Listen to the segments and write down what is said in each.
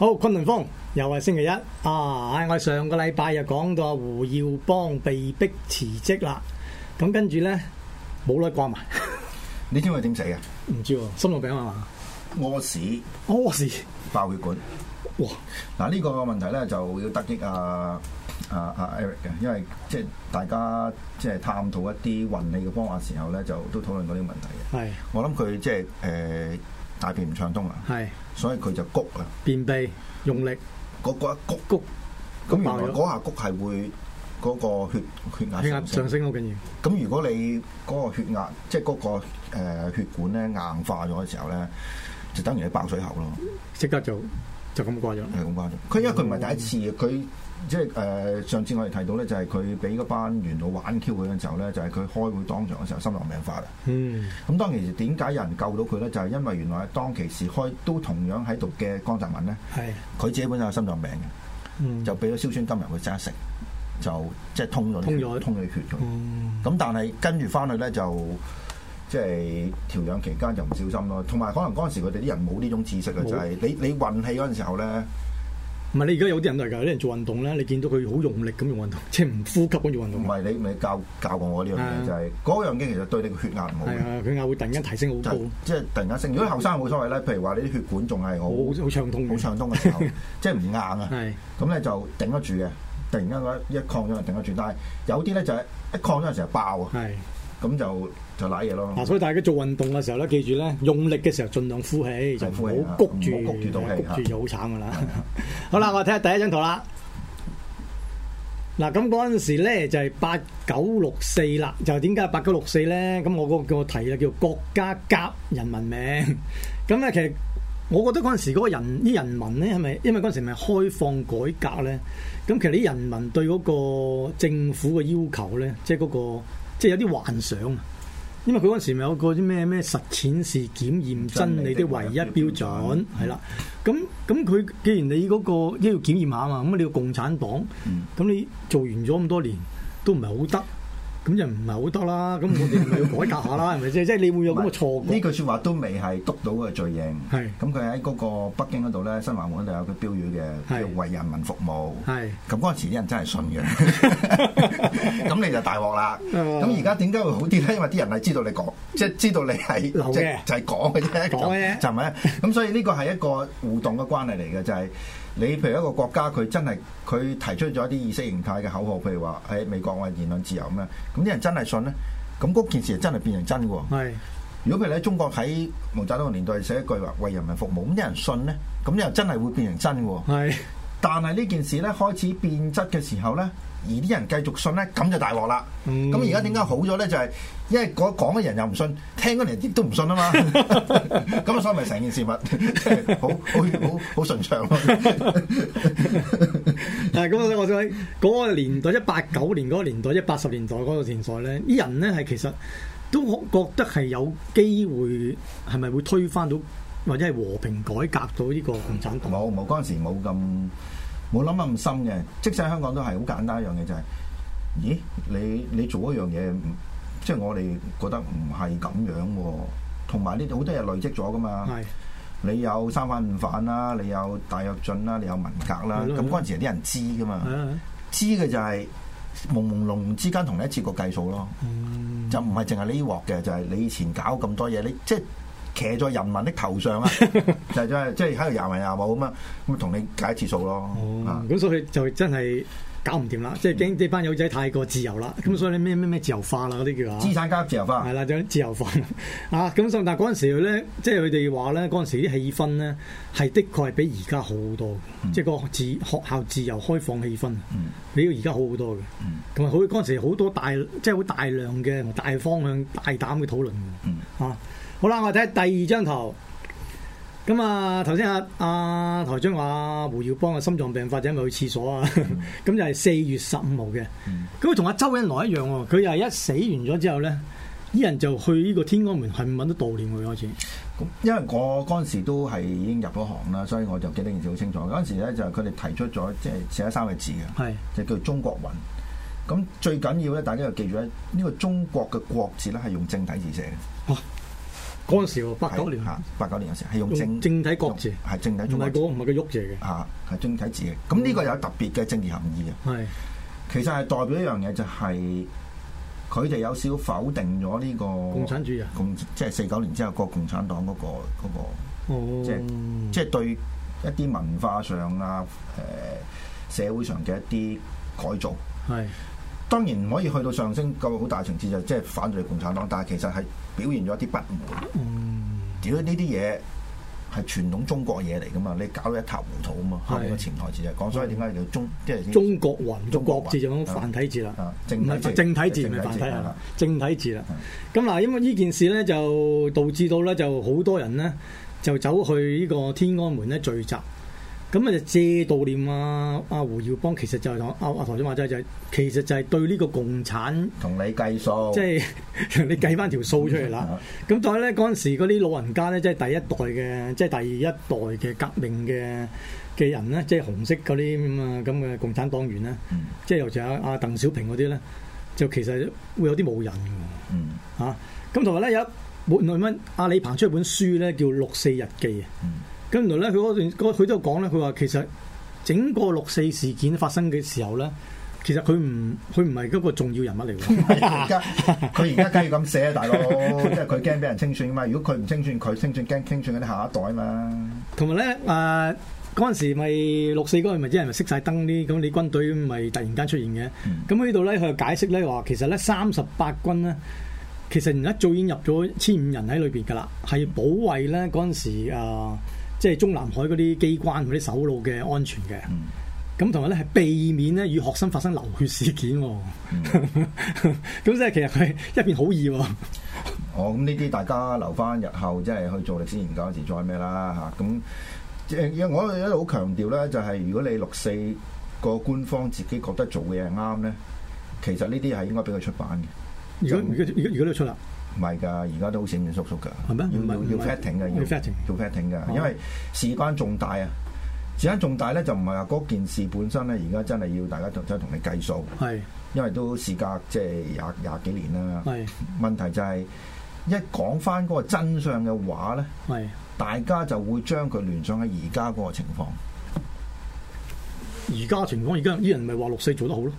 好，崑崙風又係星期一啊！我上個禮拜又講到胡耀邦被逼辭職啦，咁跟住咧冇耐掛埋，你知佢點死嘅？唔知，心臟病係嘛？屙屎，屙屎，爆血管。哇！嗱、啊，呢、這個問題咧就要得益阿阿阿 Eric 嘅，因為即係大家即係探討一啲運氣嘅方法時候咧，就都討論過呢個問題嘅。係的，我諗佢即係誒。呃大便唔暢通啊，是所以佢就谷啊，便秘用力嗰個一谷，谷咁谷，原來嗰下谷係會嗰個血血壓上升，上升好緊要。咁如果你嗰個血壓即係嗰個誒血管咧硬化咗嘅時候咧，就等於你爆水喉咯，即刻就就咁瓜咗，係咁瓜咗。佢因為佢唔係第一次佢。即係誒、呃、上次我哋提到咧，就係佢俾嗰班元老玩 Q 佢嘅時候咧，就係、是、佢開會當場嘅時候心臟病發啦。嗯，咁當其時點解有人救到佢咧？就係、是、因為原來當其時開都同樣喺度嘅江澤民咧，係佢是自己本身有心臟病嘅、嗯，就俾咗硝酸甘油佢齋食，就即、是、係通咗通咗了啲血咁。嗯、但係跟住翻去咧就即係、就是、調養期間就唔小心咯。同埋可能嗰陣時佢哋啲人冇呢種知識嘅，就係、是、你你運氣嗰陣時候咧。唔係你而家有啲人都係㗎，有啲人做運動咧，你見到佢好用力咁用運動，即係唔呼吸咁用運動。唔係你，你教教過我呢樣嘢就係嗰樣嘢，其實對你嘅血壓唔好。係係，血壓會突然間提升好高。即係突然間升，如果後生冇所謂啦。譬如話你啲血管仲係好，好好暢通，好暢通嘅時候，即係唔硬啊。係。咁咧就頂得住嘅，突然間一,一擴張，係頂得住，但係有啲咧就係一擴張嘅時候爆啊。係。咁就。就嘢咯。嗱，所以大家做運動嘅時候咧，記住咧，用力嘅時候盡量呼氣，對就唔好谷住，唔好谷住，對谷住就慘對 好慘噶啦。好啦，我睇下第一張圖啦。嗱，咁嗰陣時咧就係八九六四啦。就點解八九六四咧？咁我嗰個叫我提啊，叫國家革人民命。咁咧，其實我覺得嗰陣時嗰個人啲人民咧，係咪因為嗰陣時咪開放改革咧？咁其實啲人民對嗰個政府嘅要求咧，即係嗰個即係、就是、有啲幻想。因為佢嗰陣時咪有個啲咩咩實踐是檢驗真理的唯一標準。係啦。咁咁佢既然你嗰個都要檢驗下啊嘛，咁你要共產黨，咁你做完咗咁多年都唔係好得，咁就唔係好多啦，咁我哋要改革下啦，係咪先？即係你會有咁嘅錯覺。呢句説話都未係篤到個罪名。係。咁佢喺嗰個北京嗰度咧，新華門嗰度有個標語嘅，係為人民服務。係。咁嗰陣時啲人真係信嘅，咁 你就大鑊啦。咁而家點解會好啲咧？因為啲人係知道你講， 即係知道你係即係就係講嘅啫。講嘅，就係咪？咁爺爺 所以呢個係一個互動嘅關係嚟嘅，就係。你譬如一個國家，佢真係佢提出咗一啲意識形態嘅口號，譬如話喺、哎、美國我係言論自由咁樣，咁啲人真係信咧，咁嗰件事真係變成真嘅喎。係。如果譬如喺中國喺毛澤東年代寫一句話為人民服務，咁啲人信咧，咁又真係會變成真嘅喎。係。但係呢件事咧開始變質嘅時候咧。而啲人繼續信咧，咁就大鑊啦。咁而家點解好咗咧？就係、是、因為講嘅人又唔信，聽嗰啲人亦都唔信啊嘛。咁啊，所以咪成件事物 好好好好順暢咯、 啊。但係咁，我想，我想嗰個年代一八九年嗰個年代，一八十年代嗰個年代咧，啲人咧係其實都覺得係有機會，係咪會推翻到或者係和平改革到呢個共產黨？冇冇嗰陣時冇咁。冇諗冇咁深嘅，即使香港都係好簡單一樣嘢就係、是，咦？你你做一樣嘢，即係我哋覺得唔係咁樣喎、哦。同埋呢度好多嘢累積咗噶嘛，是你有三反五反啦，你有大躍進啦，你有文革啦，咁嗰陣時有啲人知噶嘛，知嘅就係朦朧之間同你一次過計數咯，嗯、就唔係淨係呢啲鑊嘅，就係、是、你以前搞咁多嘢，你即係。騎在人民的頭上啊，就即係即係喺度游嚟游去咁啊，咁同你解一次數咯。咁所以就真係搞唔掂啦。即係驚呢班友仔太過自由啦。咁所以咩咩咩自由化啦，嗰啲叫啊。資產階級自由化係啦，就自由化啊。咁但係嗰陣時咧，即係佢哋話咧，嗰陣時啲氣氛咧係的確係比而家好好多。即係個自學校自由開放氣氛，比而家好好多嘅。同埋好嗰陣時好多大，即係好大量嘅大方向、大膽嘅討論。嗯好啦，我睇第二張圖。咁啊，頭先阿阿台長話胡耀邦嘅心臟病發，者係咪去廁所啊？咁、嗯、 就係四月十五號嘅。咁佢同阿周恩來一樣喎、哦，佢又係一死完咗之後咧，啲人就去呢個天安門，係唔揾得悼念佢開始。咁因為我嗰陣時都係已經入咗行啦，所以我就記得件事好清楚。嗰陣時咧就係佢哋提出咗，即係寫咗三個字嘅，即係是叫中國魂。咁最緊要咧，大家要記住咧，呢、呢個中國嘅國字咧係用正體字寫嘅。啊。嗰陣時八九年，嚇，八九年有時係用正用正體國字，係正體中文字，唔係嗰唔係個喐字嘅，嚇係正體字嘅。咁呢個有特別嘅政治含義嘅，係、嗯、其實係代表一樣嘢，就係，就係佢哋有少否定咗呢、呢個共產主義，共即係四九年之後，個共產黨嗰、嗰個、嗰個、即係、哦、即係對一啲文化上啊，誒社會上嘅一啲改造係。當然唔可以去到上升個好大程次，就即、是、係反對共產黨，但係其實係表現咗一啲不滿。嗯，如果呢啲嘢係傳統中國嘢嚟噶嘛？你搞到一塌糊塗啊嘛！係個前台字就講，所以點解叫中即係、就是、中國魂、中國，國文字就咁繁體字啦。啊，唔係正體字，咪繁體正體字啦。咁嗱，因為呢件事咧，就導致到咧，就好多人咧就走去呢個天安門咧聚集。咁啊，借悼念啊。阿、啊、胡耀邦其、就是啊啊啊就是，其實就係講阿阿唐英華就係，其實就係對呢個共產同你計數，即係是 你計翻條數出嚟啦。咁再咧嗰陣時，嗰啲老人家咧，即係第一代嘅，即係第一代嘅革命嘅嘅人咧，即係紅色嗰啲咁啊咁嘅共產黨員咧，嗯嗯嗯、即係尤其阿阿鄧小平嗰啲咧，就其實會有啲冇癮嘅。嗯，嚇咁同埋咧有冇另外乜？阿李鵬出一本書咧，叫《六四日記》啊。咁原來咧，佢嗰段佢都講咧，佢話其實整個六四事件發生嘅時候咧，其實佢唔佢唔係一個重要人物嚟㗎。佢而家佢而家梗係咁寫啊，大佬，即係佢驚俾人清算啊嘛。如果佢唔清算，佢清算驚清算嗰啲下一代啊嘛。同埋咧，誒嗰陣時咪六四嗰陣，咪啲人咪熄晒燈啲咁？你軍隊咪突然間出現嘅。咁、嗯、呢度咧，佢又解釋咧話，其實咧三十八軍咧，其實而家早已入咗千五人喺裏邊㗎啦，係保衞咧嗰陣時、呃即係中南海嗰啲機關嗰啲首腦嘅安全嘅，咁同埋咧係避免咧與學生發生流血事件、哦。咁即係其實係一片好意喎。哦，咁呢啲大家留翻日後，即、就、係、是、去做歷史研究時再咩啦嚇。咁即係我一路好強調咧，就係、是、如果你六四個官方自己覺得做嘅嘢係啱咧，其實呢啲係應該俾佢出版嘅果就。如果如果如果如果都出啦。唔係噶，而家都好閃閃縮縮噶，嗎要是要 fatting 嘅，是要 fatting 嘅，啊、因為事關重大啊！事關重大咧，就唔係話嗰件事本身咧，而家真係要大家就真係同你計數，是的 因為都事隔即係廿廿幾年啦。是的 問題就係、是、一講翻嗰個真相嘅話咧，是的 大家就會將佢聯想喺而家嗰個情況。而家情況，而家啲人唔係話六四做得好咯，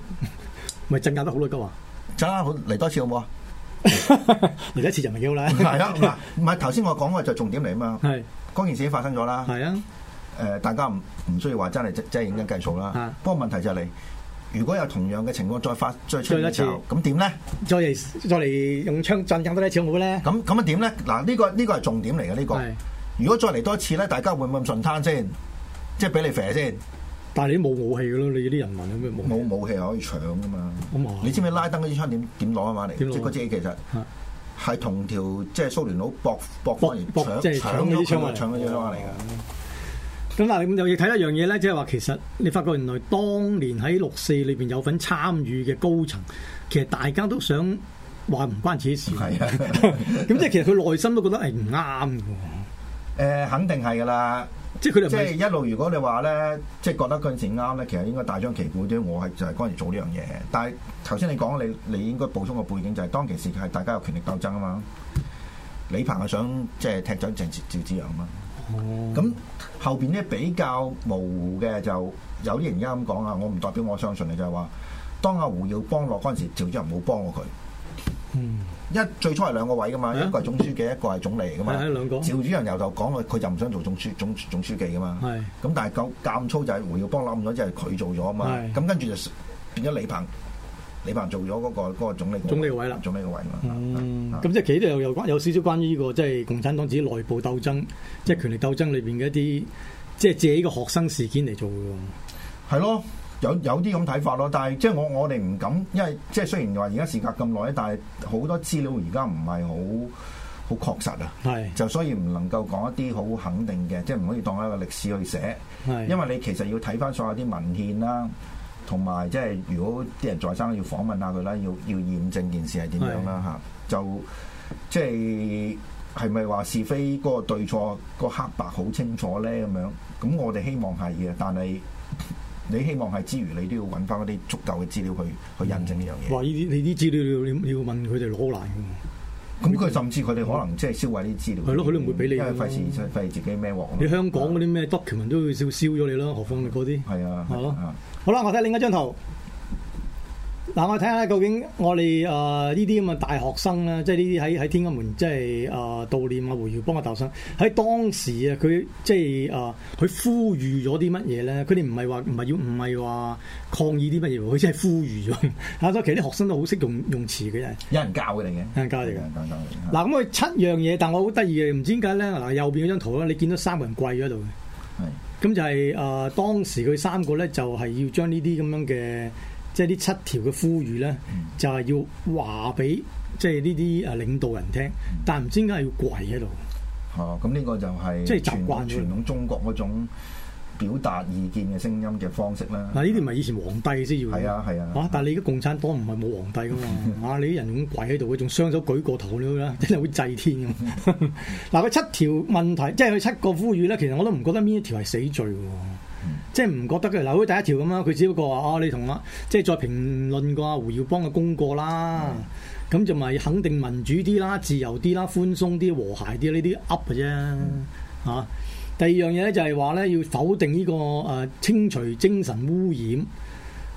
咪 鎮壓得好咯，走啦，陣間嚟多次好唔好啊？嚟 一次就唔要啦，係啦，唔係頭先我講嗰個就重點嚟啊嘛，係是，嗰件事都發生咗啦，係啊，誒、呃，大家唔唔需要話真係即係認真計數啦，啊、不過問題就嚟、是，如果有同樣嘅情況再發再出現再一次，咁點咧？再嚟再嚟用槍賺更多啲錢好咧？咁咁啊點咧？嗱呢、這個呢、這個係重點嚟嘅呢個，是如果再嚟多一次咧，大家會唔會咁順攤先？即係俾你肥先？但係你冇武器嘅咯，你啲人民有咩武器？冇武器可以搶噶嘛？咁啊，你知唔知拉登嗰支槍點點攞起翻嚟？即係嗰支其實係同條即係蘇聯佬搏搏翻嚟搶搶嗰支槍嚟，搶嗰支槍嚟嘅。咁啊，咁又要睇一樣嘢咧，即係話其實你發覺原來當年喺六四裏邊有份參與嘅高層，其實大家都想話唔關此事。係啊，咁即係其實佢內心都覺得係唔啱嘅。誒、嗯，肯定係噶啦。即係一路，如果你話咧，即係覺得嗰陣時啱咧，其實應該大張旗鼓啲。我係就係嗰陣時做呢樣嘢。但係頭先你講，你你應該補充個背景，就係當其時係大家有權力鬥爭啊嘛。李鵬係想即係踢走鄭趙紫陽啊嘛。咁、嗯、後邊咧比較模糊嘅，就有啲人家咁講啊，我唔代表我相信你，就係、是、話當阿胡耀邦落嗰陣時，趙紫陽冇幫過佢。嗯，一最初係兩個位噶嘛，啊、一個係總書記，一個係總理嚟噶嘛。係兩、啊、個。趙主任由頭講佢，就唔想做總書總總書記噶嘛。係是。咁但係講減粗就係胡耀邦諗咗，嗯嗯嗯嗯、即係佢做咗啊嘛。咁跟住就變咗李鵬，李鵬做咗嗰個嗰個總理。總理位啦。做咩個位。咁即係其實又有關，有少少關於呢、這個即係共產黨自己內部鬥爭，即係權力鬥爭裏邊嘅一啲，即係借呢個學生事件嚟做嘅喎。係咯、嗯。嗯有有啲咁睇法咯，但係即係我我哋唔敢，因為即係雖然話而家時隔咁耐，但係好多資料而家唔係好好確實啊，是就所以唔能夠講一啲好肯定嘅，即係唔可以當一個歷史去寫，是因為你其實要睇翻所有啲文獻啦，同埋即係如果啲人在生要訪問下佢啦，要要驗證件件事係點樣啦嚇是、啊，就即係係咪話是非個對錯、個黑白好清楚咧咁樣？咁我哋希望係嘅，但係。你希望係之餘，你都要揾翻嗰啲足夠嘅資料去去印證呢樣嘢。哇！依啲你啲資料你要，要問佢哋攞嚟嘅，咁佢甚至佢哋可能即係燒毀啲資料。係咯，佢都唔會俾你，因為費事費自己咩鑊。你香港嗰啲咩 document 都會燒燒咗你啦，何況嗰啲係啊啊！吧啊啊好啦，我睇另一張圖。嗱、啊，我睇下究竟我哋啊呢啲咁嘅大學生啦，即係呢啲喺喺天安門，即係啊悼念啊胡耀邦嘅大學生。喺當時啊，佢即係啊佢呼籲咗啲乜嘢咧？佢哋唔係話唔係要唔係話抗議啲乜嘢，佢即係呼籲咗。好 多其實啲學生都好識用用詞嘅，有人教佢嚟嘅，人的的有人教嚟嘅。嗱、啊，咁、嗯、佢七樣嘢，但我好得意嘅，唔知點解咧？嗱，右邊嗰張圖咧，你見到三個人跪喺度係咁就係、是、啊、呃、當時佢三個咧，就係要將呢啲咁樣嘅。即係呢七條嘅呼籲咧、嗯，就係要話俾即係呢啲啊領導人聽，嗯、但唔知點解要跪喺度。哦、啊，咁呢個就係即係習慣傳,傳統中國嗰種表達意見嘅聲音嘅方式啦。嗱、啊，呢啲咪以前皇帝先要，係啊係啊。嚇、啊啊！但係你而家共產黨唔係冇皇帝噶嘛？ 啊！你啲人咁跪喺度，佢仲雙手舉過頭咧，真係會祭天咁。嗱，佢七條問題，即係佢七個呼籲咧，其實我都唔覺得邊一條係死罪喎。即係唔覺得嘅，嗱，好似第一條咁啊，佢只不過話啊，你同啊，即係再評論過阿胡耀邦嘅功過啦，咁、嗯、就咪肯定民主啲啦、自由啲啦、寬鬆啲、和諧啲呢啲 up 嘅啫啊。第二樣嘢咧就係話咧，要否定呢、呢個誒、啊、清除精神污染，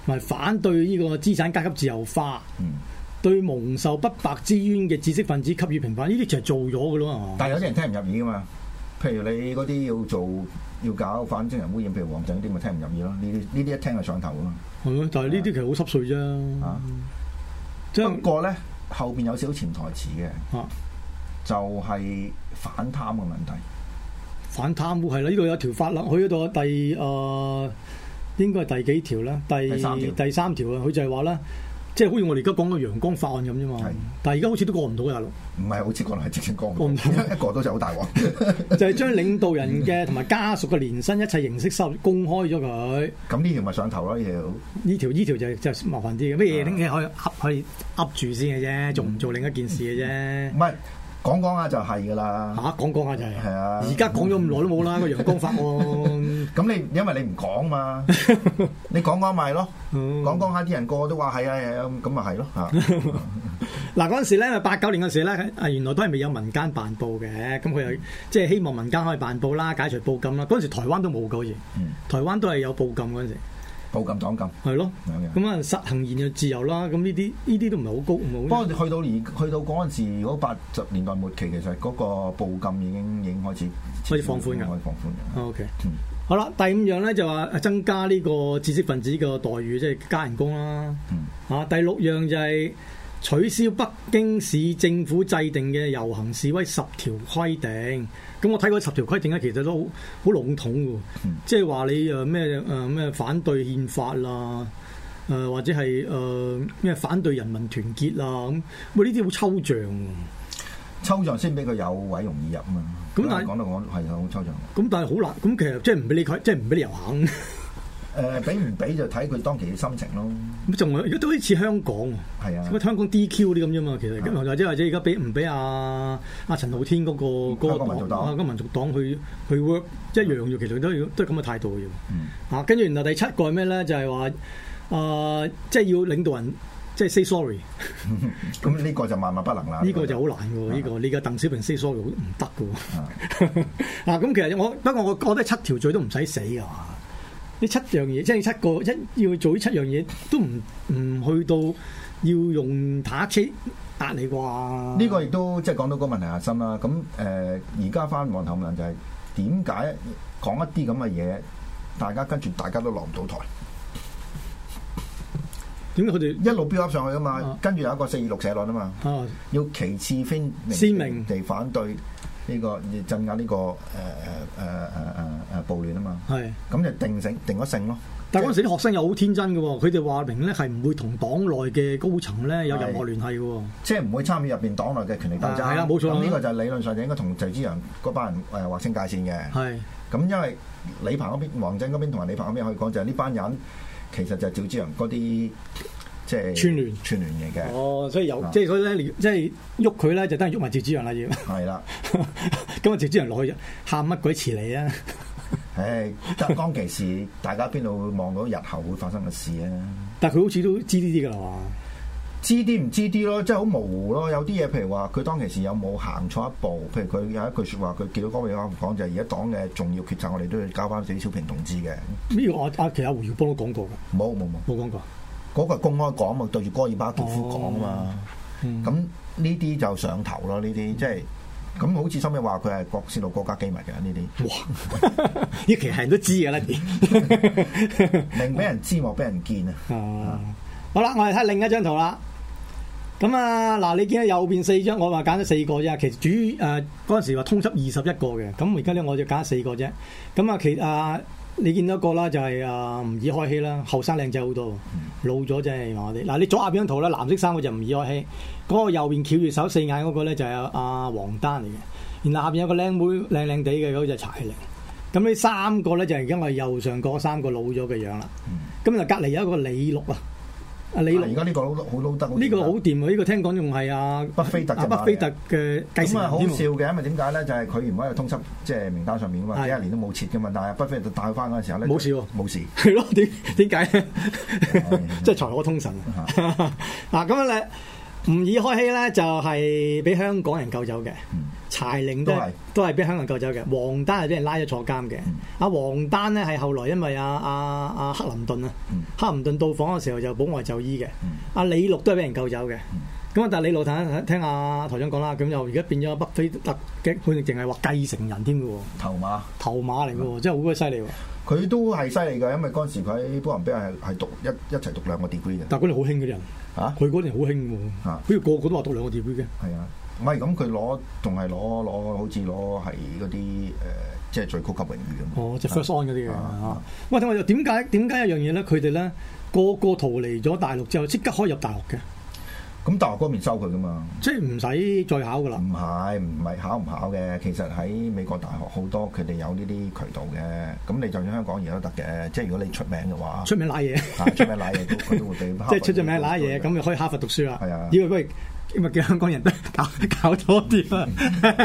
同埋反對呢個資產階級自由化，嗯、對蒙受不白之冤嘅知識分子給予平反，呢啲其實做咗嘅咯。嗯、但係有啲人聽唔入耳㗎嘛，譬如你嗰啲要做。要搞反精神污染，譬如黃振啲咪聽唔入耳咯。呢啲呢啲一聽就上頭啊嘛。係咯，但係呢啲其實好濕碎啫。啊，不過咧後邊有少少潛台詞嘅。啊，就係反貪嘅問題。反貪係啦，呢度有條法啦。佢嗰度第誒、呃、應該係第幾條咧？第三、第三條啊，佢就係話咧。即係好似我哋而家講個陽光法案咁啫嘛，是但係而家好似都過唔到㗎啦，唔係好似過，唔係直情過，過唔到，過到 就好大鑊，就係將領導人嘅同埋家屬嘅年薪一切形式收公開咗佢。咁呢條咪上頭咯，呢條呢 條呢條就就麻煩啲，咩嘢拎起可以 up, 可以噏住先嘅啫，做唔做另一件事嘅啫？唔係、嗯。講講下就係噶啦吓，講講下就係係啊！而家講咗咁耐都冇啦，個陽 光法案。咁 你因為你唔講嘛， 你講講咪係咯，講講下啲人個個都話係啊係啊，咁咪係咯吓。嗱嗰陣時咧，八九年嘅時咧，啊原來都係未有民間辦報嘅，咁佢又即係希望民間可以辦報啦，解除報禁啦。嗰陣時台灣都冇嘅好似，台灣都係有報禁嗰陣時。報禁黨禁係咯，咁啊的、嗯、實行言論自由啦，咁呢啲呢啲都唔係好高。不過去到而去到嗰陣時，如八十年代末期，其實嗰個報禁已經已經開始可以放寬嘅，可以放寬嘅。O Okay . K，、嗯、好啦，第五樣咧就話增加呢個知識分子嘅待遇，即係加人工啦。嗯、啊，第六樣就係、是。取消北京市政府制定嘅遊行示威十條規定，咁我睇過十條規定咧，其實都好好籠統嘅，即係話你誒咩誒咩反對憲法啦，誒、呃、或者係誒咩反對人民團結啦，咁喂呢啲好抽象，抽象先俾佢有位容易入啊嘛。咁但係講到講係好抽象。咁但係好難，咁其實即係唔俾你即係唔俾你遊行。 誒，俾唔俾就睇佢當期嘅心情咯。咁仲如果都好似香港，係啊，香港 DQ 啲咁啫嘛。其實即係或者而家俾唔俾阿阿陳浩天嗰個嗰個民族黨去去 work，即係楊岳其實都要，都係咁嘅態度嘅。嗯、啊，跟住然後第七個係咩咧？就係話啊，即、呃、係、就係、要領導人即係、就係、say sorry。咁呢 個就萬萬不能啦。呢個就好難嘅喎，呢、啊呢個你嘅、呢個、鄧小平 say sorry 唔得嘅喎。 啊，咁其實我不過我我覺得七條罪都唔使死啊。呢七樣嘢，即係七個一要做呢七樣嘢，都唔唔去到要用坦克壓你啩？呢個亦都即係講到個問題核心啦。咁誒，而家翻望頭咪就係點解講一啲咁嘅嘢，大家跟住大家都落唔到台？點解佢哋一路飆級上去啊嘛？啊跟住有一個四二六社論啊嘛？啊要旗幟鮮明地明反對。呢個要鎮壓呢個誒誒誒誒誒誒暴亂啊嘛，係咁就定性定咗性咯。但嗰陣時啲學生又好天真嘅喎，佢哋話明咧係唔會同黨內嘅高層咧有任何聯繫喎，即係唔會參與入邊黨內嘅權力鬥爭係啦，冇錯啦。呢個就係理論上就應該同趙紫陽嗰班人誒劃清界線嘅。係咁，因為李鵬嗰邊、王震嗰邊同埋李鵬嗰邊可以講就係呢班人，其實就係趙紫陽嗰啲。即係串聯串聯型嘅，哦，所以有即係嗰啲咧，即係喐佢咧就等於喐埋趙紫陽啦，要係啦，咁阿趙紫陽落去喊乜鬼詞你啊？唉，當其時大家邊度會望到日後會發生嘅事啊？但係佢好似都知呢啲㗎啦嘛？知啲唔知啲咯，即係好模糊咯。有啲嘢，譬如話佢當其時有冇行錯一步？譬如佢有一句説話，佢見到江別康講就係而家黨嘅重要決策，我哋都要交翻俾小平同志嘅。呢個阿阿其實胡耀邦都講過嘅，冇冇冇冇講過。嗰個係公開講嘛，對住戈爾巴喬夫講啊嘛，咁呢啲就上頭咯，呢啲即係咁，就是、好似收尾話佢係國泄露國家機密嘅呢啲，呢期係人都知啊，明俾人知冇俾人見啊！好啦，我哋睇另一張圖啦。咁啊，嗱，你見到右邊四張，我話揀咗四個啫。其實主誒嗰陣時話通緝二十一個嘅，咁而家咧我就揀四個啫。咁啊，其啊。你見到個啦，就係啊吾爾開希啦，後生靚仔好多，老咗真係話我哋。嗱，你左下邊張圖咧，藍色衫嗰就吾爾開希，嗰、那個右邊翹住手四眼嗰個咧就係阿、啊、王丹嚟嘅。然後下邊有個靚妹靚靚地嘅嗰隻柴玲。咁呢三個咧就而家我係右上角三個老咗嘅樣啦。咁就隔離有一個李祿啊。啊！你而家呢個好撈得，呢個好掂啊！呢個聽講仲係阿巴菲特嘅，咁啊好笑嘅，因為點解咧？就係、是、佢原本喺個通緝即係、就是、名單上面啊嘛，幾年都冇撤嘅嘛。但係巴菲特帶佢返嗰陣時候咧，冇事喎、啊，冇沒事。係咯？點點解即係財可通神。嗱，咁樣咧。吳以開希咧就係、是、俾香港人救走嘅，嗯、柴玲都係都係俾香港人救走嘅，王丹係俾人拉咗坐監嘅，阿王、嗯啊、丹咧係後來因為阿阿阿克林頓啊，克林頓、嗯、到訪嘅時候就保外就醫嘅，阿、嗯啊、李六都係俾人救走嘅。嗯嗯咁啊！但係李老太聽下台長講啦，咁又而家變咗北非特擊，佢哋淨係話繼承人添嘅喎。頭馬頭馬嚟嘅喎，的真係好鬼犀利喎！佢都係犀利㗎，因為嗰陣時佢喺哥倫比亞係係讀一一齊讀兩個 degree 嘅。但係嗰啲好興嘅啲人嚇，佢哋好興嘅喎嚇，好似個個都話讀兩個 degree 嘅。係啊，唔係咁佢攞仲係攞攞好似攞係嗰啲誒，即係最高級榮譽咁。哦，即、就、係、是、first honour 嗰啲嘅嚇。喂，聽、啊啊、我又點解點解一樣嘢咧？佢哋咧個個逃離咗大陸之後，即刻可以入大學嘅。咁、嗯、大學嗰邊收佢㗎嘛？即係唔使再考㗎啦？唔係唔係考唔考嘅？其實喺美國大學好多佢哋有呢啲渠道嘅。咁你就算香港人都得嘅。即係如果你出名嘅話，出名瀨嘢，出名瀨嘢 都都會俾哈佛即係出咗名瀨嘢，咁你會話可以哈佛讀書啦。係啊，以為不如咪叫香港人搞搞多啲啊？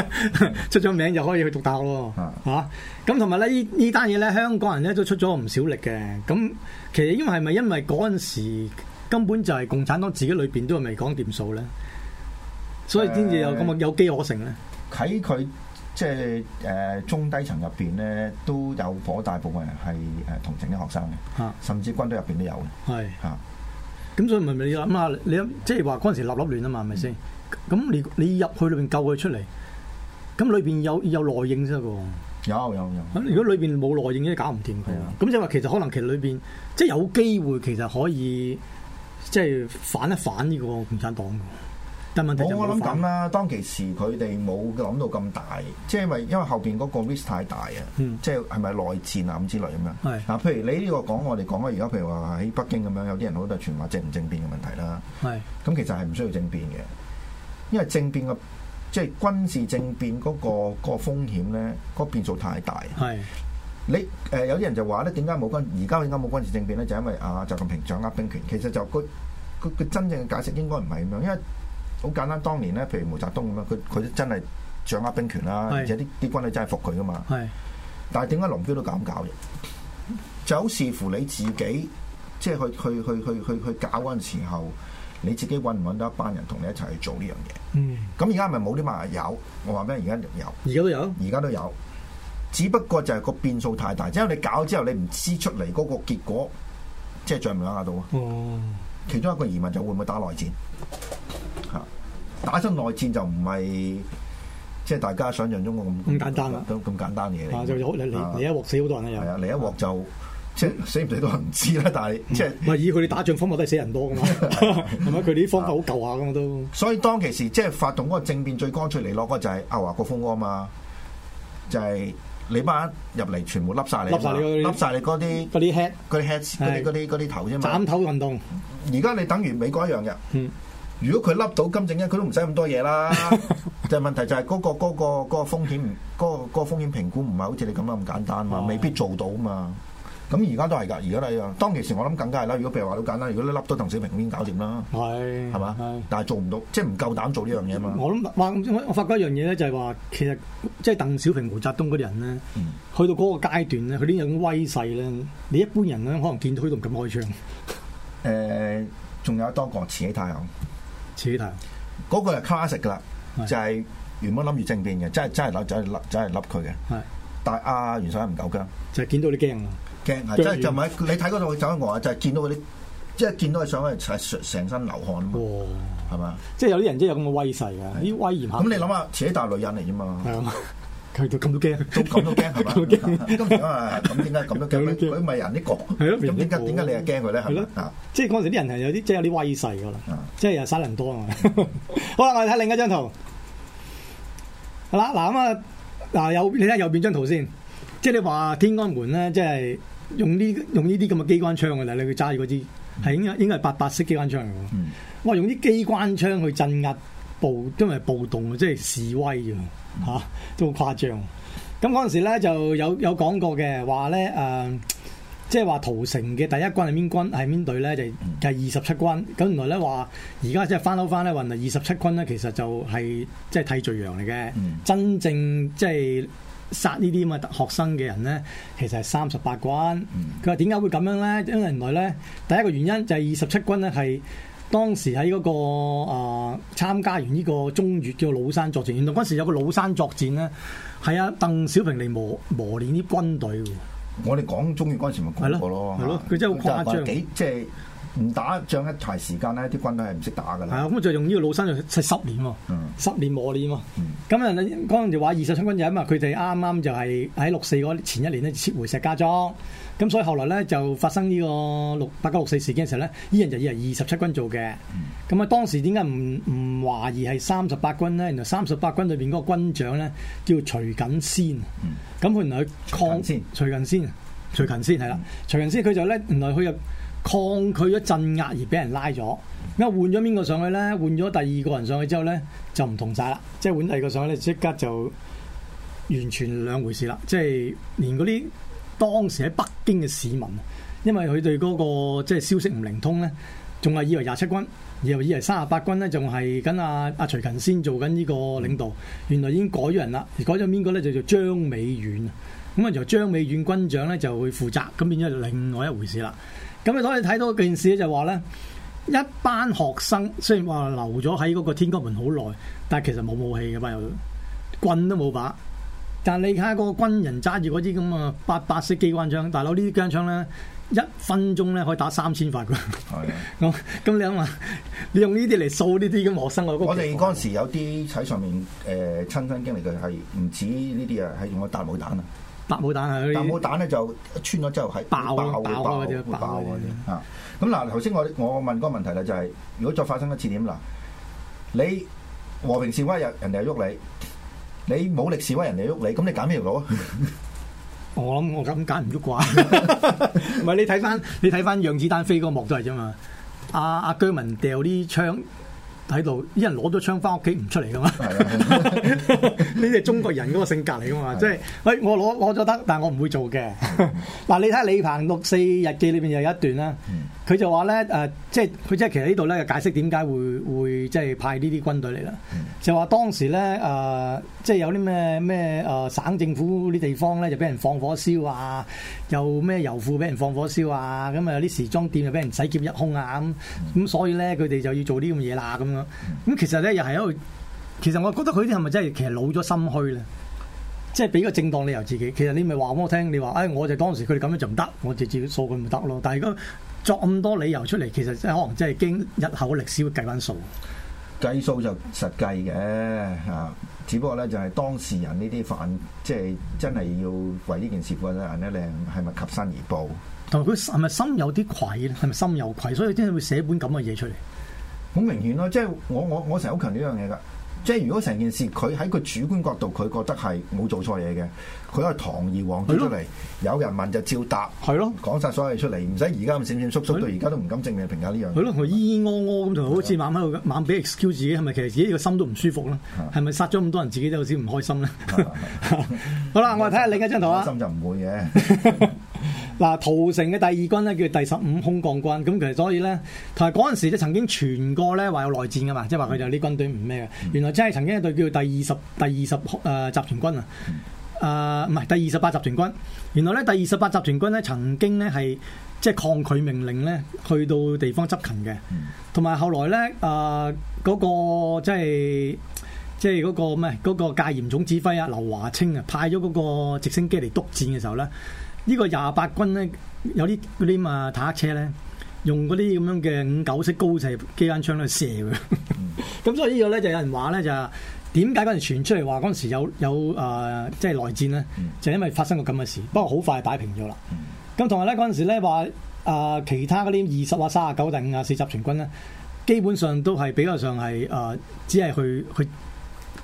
出咗名就可以去讀大學喎。嚇、啊！咁同埋咧，呢呢單嘢咧，香港人咧都出咗唔少力嘅。咁其實因為係咪因為嗰陣時？根本就係共產黨自己裏邊都係未講掂數咧，所以先至有咁嘅有機可乘咧。喺佢即係誒中低層入邊咧，都有好大部分人係誒同情啲學生嘅，啊、甚至軍隊入邊都有嘅。係嚇是，咁、啊、所以咪咪你諗下，你即係話嗰陣時立立亂啊嘛，係咪先？咁、嗯、你你入去裏邊救佢出嚟，咁裏邊有有內應啫喎。有有有。咁如果裏邊冇內應咧，搞唔掂。佢啊的。咁即係話其實可能其實裏邊即係有機會，其實可以。即係反一反呢個共產黨，但係問題我諗緊啦。當其時佢哋冇諗到咁大，即係因為因為後邊嗰個 risk 太大啊，嗯、即係係咪內戰啊咁之類咁樣。嗱、嗯，譬如你呢個講，我哋講啊，而家譬如話喺北京咁樣，有啲人好多傳話政唔政變嘅問題啦。係咁，其實係唔需要政變嘅，因為政變嘅即係軍事政變嗰、嗰個嗰、嗰個風險咧，嗰變數太大。係。你誒、呃、有啲人就話咧，點解冇軍？而家點解冇軍事政變咧，就因為啊習近平掌握兵權。其實就佢佢佢真正嘅解釋應該唔係咁樣，因為好簡單。當年咧，譬如毛澤東咁樣，佢佢真係掌握兵權啦、啊，是 而且啲啲軍隊真係服佢噶嘛。是 但係點解龍標都咁搞嘅？就好視乎你自己，即係去去，去去去去去去搞嗰陣時候，你自己揾唔揾到一班人同你一齊去做呢樣嘢。咁而家係咪冇啲嘛？有，我話咩？而家有。而家都有。而家都有。只不過就係個變數太大，因為你搞之後，你唔知出嚟嗰個結果，即係最唔喺度啊。嗯、其中一個疑問就係會唔會打內戰？吓，打出內戰就唔係即係大家想象中咁咁簡單啊，都咁簡單嘢嚟，嗯、一鑊死好多人啊又係啊，嚟一鑊就，嗯、即係死唔死都唔知啦。但係即係以佢哋打仗方法都係死人多噶嘛，係咪？ 佢哋啲方法好舊下噶都。 所以當其時即係發動嗰個政變最乾脆嚟落個就係阿華國鋒啊嘛，就係、是。你班入嚟全部笠晒你，笠曬你嗰啲，笠曬你啲，啲 head，啲 heads，嗰啲啲嗰頭啫嘛。斬頭運動，而家你等於美國一樣嘅。嗯、如果佢笠到金正恩，佢都唔使咁多嘢啦。 就問題就係嗰、嗰個嗰、嗰個嗰、嗰個風險，嗰、嗰個、嗰個、風險評估唔係好似你咁樣咁簡單嘛，哦、未必做到嘛。咁而家都係㗎，而家都係啊。當其時我諗更加係啦。如果譬如話好簡單，如果你笠到鄧小平已經搞掂啦，係，係嘛？但係做唔到，即係唔夠膽做呢樣嘢嘛。我諗我我發覺一樣嘢咧，就係話其實即係鄧小平、毛澤東嗰啲人咧，去到嗰個階段咧，佢啲咁威勢咧，你一般人咁可能見到佢都唔敢開槍。誒，仲有多個慈禧太后。慈禧太后嗰個係卡石㗎啦，就係原本諗住政變嘅，真係真係攬真係攬真係笠佢嘅。但係阿袁世凱唔夠薑。就係見到啲驚。驚啊！即係就係你睇嗰度走喺外，就係見到嗰啲，即係見到佢上去成身流汗係嘛？即係有啲人即係有咁嘅威勢啊！威嚴吓，咁你諗下，自己大女人嚟啫嘛，佢都咁都驚，都咁都驚係嘛？咁點解咁都驚？佢佢咪人啲戇？係咯，點解點解你又驚佢咧？係即係嗰時啲人係有啲即係有啲威勢噶啦，即係又殺人多啊！好啦，我哋睇另一張圖，好啦，嗱咁啊，嗱右你睇右邊張圖先，即係你話天安門咧，即係。用呢用呢啲咁嘅機關槍㗎啦，你去揸住嗰支，係、嗯、應該應該係八八式機關槍嚟嘅。我、嗯、用啲機關槍去鎮壓暴，因為暴動即係示威、嗯、啊，嚇都好誇張。咁嗰陣時咧就有有講過嘅，話咧誒，即係話屠城嘅第一軍係邊軍係邊隊咧，就係二十七軍。咁、嗯、原來咧話而家即係翻到翻咧，原來二十七軍咧其實就係、是、即係替罪羊嚟嘅，嗯、真正，正即係。殺呢啲咁啊學生嘅人咧，其實係三十八軍。佢話點解會咁樣咧？因為原來咧，第一個原因就係二十七軍咧係當時喺嗰、嗰個啊、呃、參加完呢個中越叫老山作戰。原來嗰時有個老山作戰咧，係阿、啊、鄧小平嚟磨磨練啲軍隊。我哋講中越嗰陣時咪？咪講過咯，佢真係好誇張。唔打仗一排時間咧，啲軍隊係唔識打噶啦。係啊、嗯，咁就用呢個老山就係十年喎，十年磨練喎。咁人哋講人哋話二十七軍就因為，佢哋啱啱就係喺六四嗰前一年咧撤回石家莊，咁所以後來咧就發生呢個六八九六四事件嘅時候咧，呢人就以為二十七軍做嘅。咁啊，當時點解唔唔懷疑係三十八軍咧？原來三十八軍裏邊嗰個軍長咧叫徐勤先。咁佢原來抗先，徐勤先，徐勤先係啦，徐勤先佢就咧原來佢又，抗拒咗鎮壓而俾人拉咗，咁啊換咗邊個上去咧？換咗第二個人上去之後咧，就唔同晒啦。即係換第二個上去咧，即刻就完全兩回事啦。即係連嗰啲當時喺北京嘅市民，因為佢哋嗰個即係消息唔靈通咧，仲係以為廿七軍，而以為三十八軍咧，仲係跟阿阿徐勤先做緊呢個領導。原來已經改咗人啦，而改咗邊個咧就叫張美遠咁啊。由張美遠軍長咧就去負責，咁變咗另外一回事啦。咁你、嗯、可以睇到件事咧，就話咧，一班學生雖然話留咗喺嗰個天安門好耐，但係其實冇武器嘅，嘛，又棍都冇把。但係你睇下嗰個軍人揸住嗰啲咁啊八八式機關槍，大佬呢啲機關槍咧，一分鐘咧可以打三千發嘅。係咁，咁你諗下，你用呢啲嚟掃呢啲咁學生啊？我哋嗰陣時有啲喺上面誒、呃、親身經歷嘅係唔止呢啲啊，係用咗達姆彈啊！白武彈啊！嗰白武彈咧就穿咗之後係爆爆，爆啊！啲啊咁，嗱，頭先我我問個問題啦，就係如果再發生一次點嗱？你和平示威又人哋又喐你，你武力示威人哋喐你，咁你揀咩路啊？我諗我咁揀唔喐啩？唔係你睇翻你睇翻，讓子彈飛嗰幕都係啫嘛。阿阿姜文掉啲槍。喺度，一人攞咗槍翻屋企唔出嚟噶嘛，你哋係中國人嗰個性格嚟噶嘛。即係，喂，我攞攞咗得，但係我唔會做嘅。嗱， 你睇下李鵬六四日記裏邊又有一段啦。嗯佢就話咧，誒、呃，即係佢即係其實呢度咧，解釋點解會會即係派呢啲軍隊嚟啦。嗯、就話當時咧，誒、呃，即係有啲咩咩誒省政府啲地方咧，就俾人放火燒啊，又咩油庫俾人放火燒啊，咁啊有啲時裝店就俾人洗劫一空啊，咁咁所以咧，佢哋就要做啲咁嘢啦，咁樣。咁其實咧，又係一個，其實我覺得佢啲係咪真係其實老咗心虛咧？即係俾個正當理由自己。其實你咪話俾我聽，你話，哎，我就當時佢哋咁樣就唔得，我自己掃佢咪得咯。但係如果作咁多理由出嚟，其實即係可能即係經日後嘅歷史會計翻數。計數就實計嘅嚇，只不過咧就係當事人呢啲犯，即係真係要為呢件事負得硬得靚，係咪及身而報？同埋佢係咪心有啲愧咧？係咪心有愧？所以真係會寫本咁嘅嘢出嚟。好明顯咯，即係我我我成日好強呢樣嘢噶。即係如果成件事佢喺個主觀角度佢覺得係冇做錯嘢嘅，佢係堂而皇之出嚟，有人問就照答，係咯，講晒所有嘢出嚟，唔使而家咁閃閃縮縮，到而家都唔敢正面評價呢樣。係咯，咿咿哦哦咁，就好似猛喺度猛俾 excuse 自己，係咪其實自己個心都唔舒服咧？係咪殺咗咁多人自己都有少少唔開心咧？好啦，我哋睇下另一張圖啊。心就唔會嘅。嗱、啊，屠城嘅第二軍呢，叫做第十五空降軍，咁其實所以咧，同埋嗰陣時曾經傳過咧話有內戰噶嘛，即係話佢哋啲軍隊唔咩嘅，原來真係曾經一隊叫做第二十第二十誒、呃、集團軍啊，誒唔係第二十八集團軍，原來咧第二十八集團軍咧曾經咧係即係抗拒命令咧去到地方執勤嘅，同埋後來咧誒嗰個即係即係、那、嗰個咩嗰、那個戒嚴總指揮啊，劉華清啊，派咗嗰個直升機嚟督戰嘅時候咧。個呢個廿八軍咧，有啲嗰啲嘛坦克車咧，用嗰啲咁樣嘅五九式高射機關槍槍去射嘅。咁、 嗯、所以個呢個咧就有人話咧就點解嗰陣傳出嚟話嗰陣時有有誒即係內戰咧，就，是呢嗯、就因為發生過咁嘅事。不過好快擺平咗啦。咁同埋咧嗰陣時咧話誒其他嗰啲二十或卅九定五啊四集全軍咧，基本上都係比較上係誒、呃、只係去去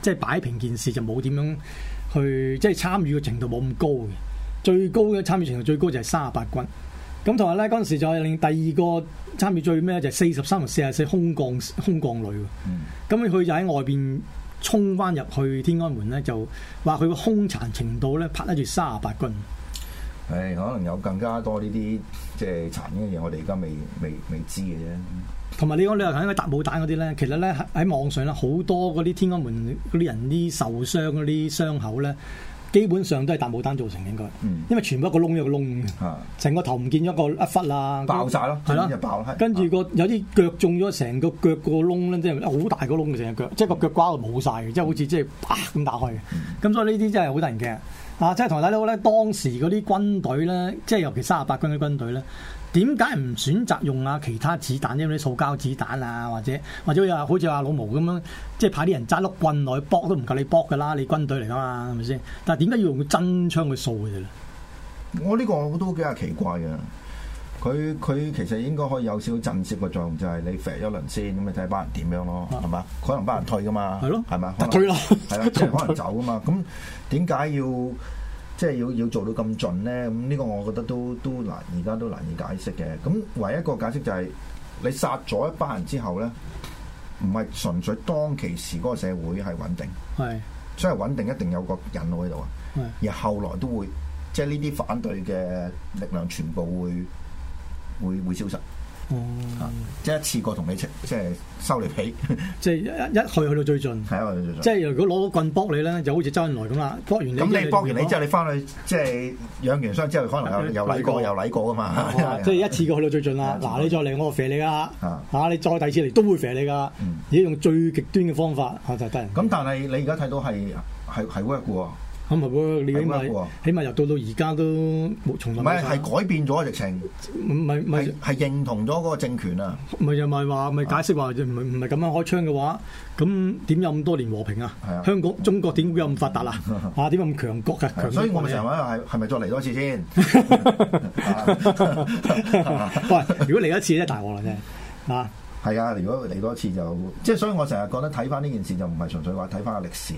即係擺平件事，就冇點樣去即係參與嘅程度冇咁高嘅。最高嘅參與程度最高就係三十八軍，咁同埋咧嗰陣時就係另第二個參與最咩就就四十三同四十四空降空降隊。咁佢就喺外邊衝翻入去天安門咧，就話佢個凶殘程度咧，拍得住三十八軍。誒、哎，可能有更加多呢啲即係殘嘅嘢，我哋而家未未未知嘅啫。同埋你講你又講嗰啲達姆彈嗰啲咧，其實咧喺喺網上咧，好多嗰啲天安門啲人啲受傷嗰啲傷口咧。基本上都係達姆彈造成應該，因為全部一個窿一個窿嘅，成、嗯、個頭唔見咗一個一忽啦，的爆晒咯，係咯的，跟住個有啲腳中咗成個腳個窿咧，即係好大個窿嘅成隻腳，即係個腳瓜都冇晒嘅，即係、嗯、好似即係啪咁打開嘅，咁、嗯、所以呢啲真係好得人驚。啊！即係同底佬咧，當時嗰啲軍隊咧，即係尤其三十八軍嘅軍隊咧，點解唔選擇用啊其他子彈，因為啲塑膠子彈啊，或者或者又好似阿老毛咁樣，即係派啲人揸碌棍落去搏都唔夠你搏噶啦，你軍隊嚟噶嘛，係咪先？但係點解要用真槍去掃佢哋啫？我呢個我都幾係奇怪嘅。佢佢其實應該可以有少少震懾嘅作用，就係你肥咗一輪先，咁你睇班人點樣咯，係嘛、啊？可能班人退噶嘛，係咯，係嘛？退咯，係啊，可能走噶嘛。咁點解要即係要要做到咁盡咧？咁呢個我覺得都都難，而家都難以解釋嘅。咁唯一一個解釋就係、是、你殺咗一班人之後咧，唔係純粹當其時嗰個社會係穩定，係的，所以穩定一定有一個人路喺度啊。而後來都會即係呢啲反對嘅力量全部會，會會消失，哦，即係一次過同你即係收你皮，即係一去去到最盡，係啊，即係如果攞到棍剝你咧，就好似周恩來咁啦，剝完你，咁你剝完你之後，你翻去即係養完傷之後，可能又又舐過又舐過噶嘛，即係一次過去到最盡啦。嗱，你再嚟，我就肥你噶，吓你再第二次嚟，都會肥你噶，要用最極端嘅方法吓就得。咁但係你而家睇到係係係 work 噶咁啊！喎， 你起碼係咪、啊、起碼由到到而家都冇重唔係，係改變咗直情，唔係，唔係，係認同咗嗰個政權啊！唔係又唔係話，唔解釋話唔唔係咁樣開槍嘅話，咁點有咁多年和平啊？啊香港、中國點會有咁發達啊？ 啊，點咁強國,強國啊？所以我，我咪成日問下係咪再嚟多次先？喂， 如果嚟一次真大鑊啦，真係啊！係啊！如果嚟多次就即係，所以,所以我成日覺得睇翻呢件事就唔係純粹話睇翻個歷史。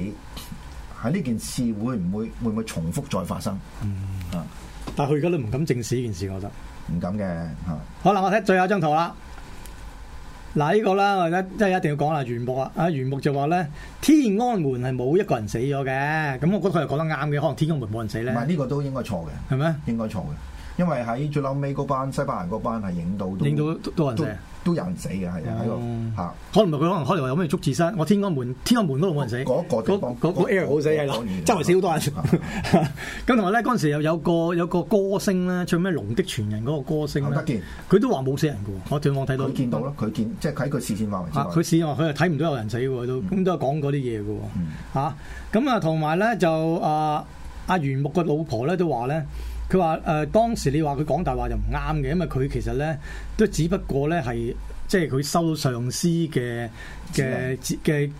喺呢、啊、件事會唔會會唔會重複再發生？嗯，啊，但係佢而家都唔敢正視呢件事、啊，我覺得唔敢嘅。吓，好啦，我睇最後一張圖啦。嗱，呢個啦，我而家即係一定要講啦，袁木啊，啊袁木就話咧，天安門係冇一個人死咗嘅。咁我覺得佢係講得啱嘅，可能天安門冇人死咧。唔係，呢個都應該錯嘅，係咩嗎？應該錯嘅。因為喺最後尾嗰班西班牙嗰班係影到影到都人死，都人死嘅係啊喺度吓，可能佢可能可能話有咩捉自殺，我天安門天安門嗰度冇人死，嗰個 air 好死喺度，周圍死好多人。咁同埋咧嗰陣時又有個有個歌星咧唱咩《龍的傳人》嗰個歌星咧，佢都話冇死人嘅喎。我上網睇到佢見到咯，佢見即係喺佢視線範圍內，佢視線佢又睇唔到有人死喎都。咁都係講嗰啲嘢嘅喎吓。咁啊同埋咧就啊阿袁木嘅老婆咧都話咧。佢話誒當時你話佢講大話就唔啱嘅，因為佢其實咧都只不過咧係即係佢收上司嘅嘅嘅嘅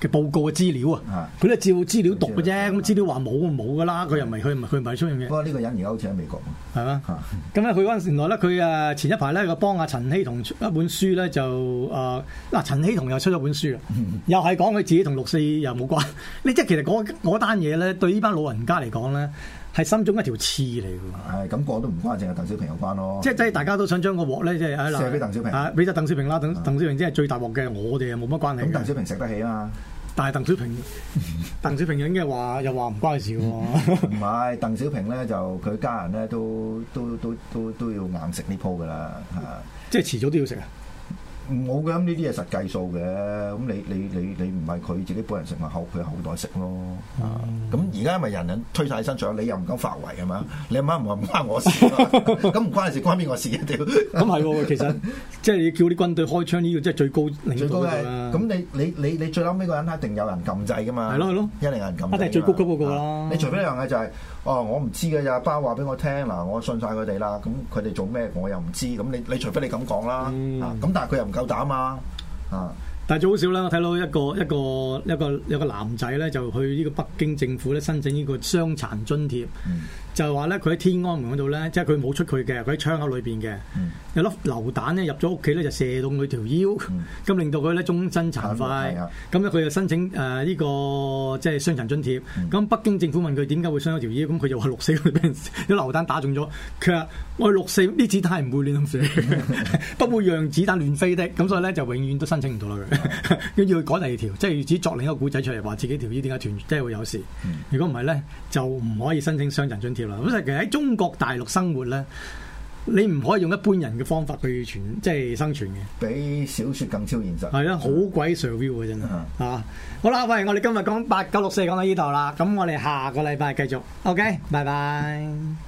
嘅報告嘅資料啊，佢都照資料讀嘅啫。咁資料話冇就冇㗎啦，佢的又唔係佢唔佢唔係出現嘅。不過呢個人而家好似喺美國喎，係嘛嗎？咁咧佢嗰陣時原來咧佢誒前一排咧佢幫阿陳希同出一本書咧就誒嗱、呃、陳希同又出咗本書啦，又係講佢自己同六四又冇關。你即係其實嗰單嘢咧對呢班老人家嚟講咧。呢呢呢呢呢呢呢呢係心中一條刺嚟㗎，係咁、哎嗰個都唔關，淨係鄧小平有關咯。即係即係大家都想將個鑊咧，即係啊，卸俾鄧小平啊，俾咗鄧小平啦，鄧鄧小平即係最大鑊嘅，我哋又冇乜關係。咁鄧小平食得起啊嘛，但係鄧小平，鄧小平、嗯、鄧小平又應該話又話唔關事喎、啊。唔係、嗯，鄧小平咧就佢家人咧都都都都都要硬食呢鋪㗎啦，即係遲早都要食啊。我嘅，咁呢啲嘢實計數嘅。咁、嗯、你你你你唔係佢自己本人食埋口，佢後袋食咯。咁而家咪人人推晒身上，你又唔敢發圍係嘛？你阿媽唔話唔關我事、啊，咁唔、 嗯、關你事，關邊個事？一定咁係其實即係你叫啲軍隊開槍呢個即係最高最高嘅。咁、嗯、你你你你最嬲尾個人一定有人撳掣嘅嘛？係咯係咯，一定有人撳掣。一定最高級嗰個啦、嗯、你除非一樣嘢就係、是。哦，我唔知嘅，阿爸話俾我聽，嗱，我信晒佢哋啦，咁佢哋做咩我又唔知，咁你你除非你咁講啦，咁但係佢又唔夠膽啊，但係最、啊啊、好笑啦，我睇到一個一個一個一個男仔咧就去呢個北京政府咧申請呢個傷殘津貼。嗯就係話咧，佢喺天安門嗰度咧，即係佢冇出佢嘅，佢喺窗口裏邊嘅，有粒流彈咧入咗屋企咧，就射到佢條腰，咁令到佢咧終身殘廢。咁咧佢就申請誒呢、呃呢個即係傷殘津貼。咁、嗯、北京政府問佢點解會傷咗條腰，咁佢、嗯、就話六四嗰啲流彈打中咗。佢話我六四，啲子彈唔會亂射，不會讓子彈亂飛的。咁所以咧就永遠都申請唔到啦。佢 要佢改第二條，即係只作另一個古仔出嚟，話自己條腰點解斷，即係會有事。如果唔係咧，就唔可以申請傷殘津貼。咁實其實喺中國大陸生活咧，你唔可以用一般人嘅方法去存，即係生存嘅，比小說更超現實係啊，好鬼 survive 啊！真啊啊！嗯、哼好啦，喂，我哋今日講八九六四講到呢度啦，咁我哋下個禮拜繼續。OK，拜拜。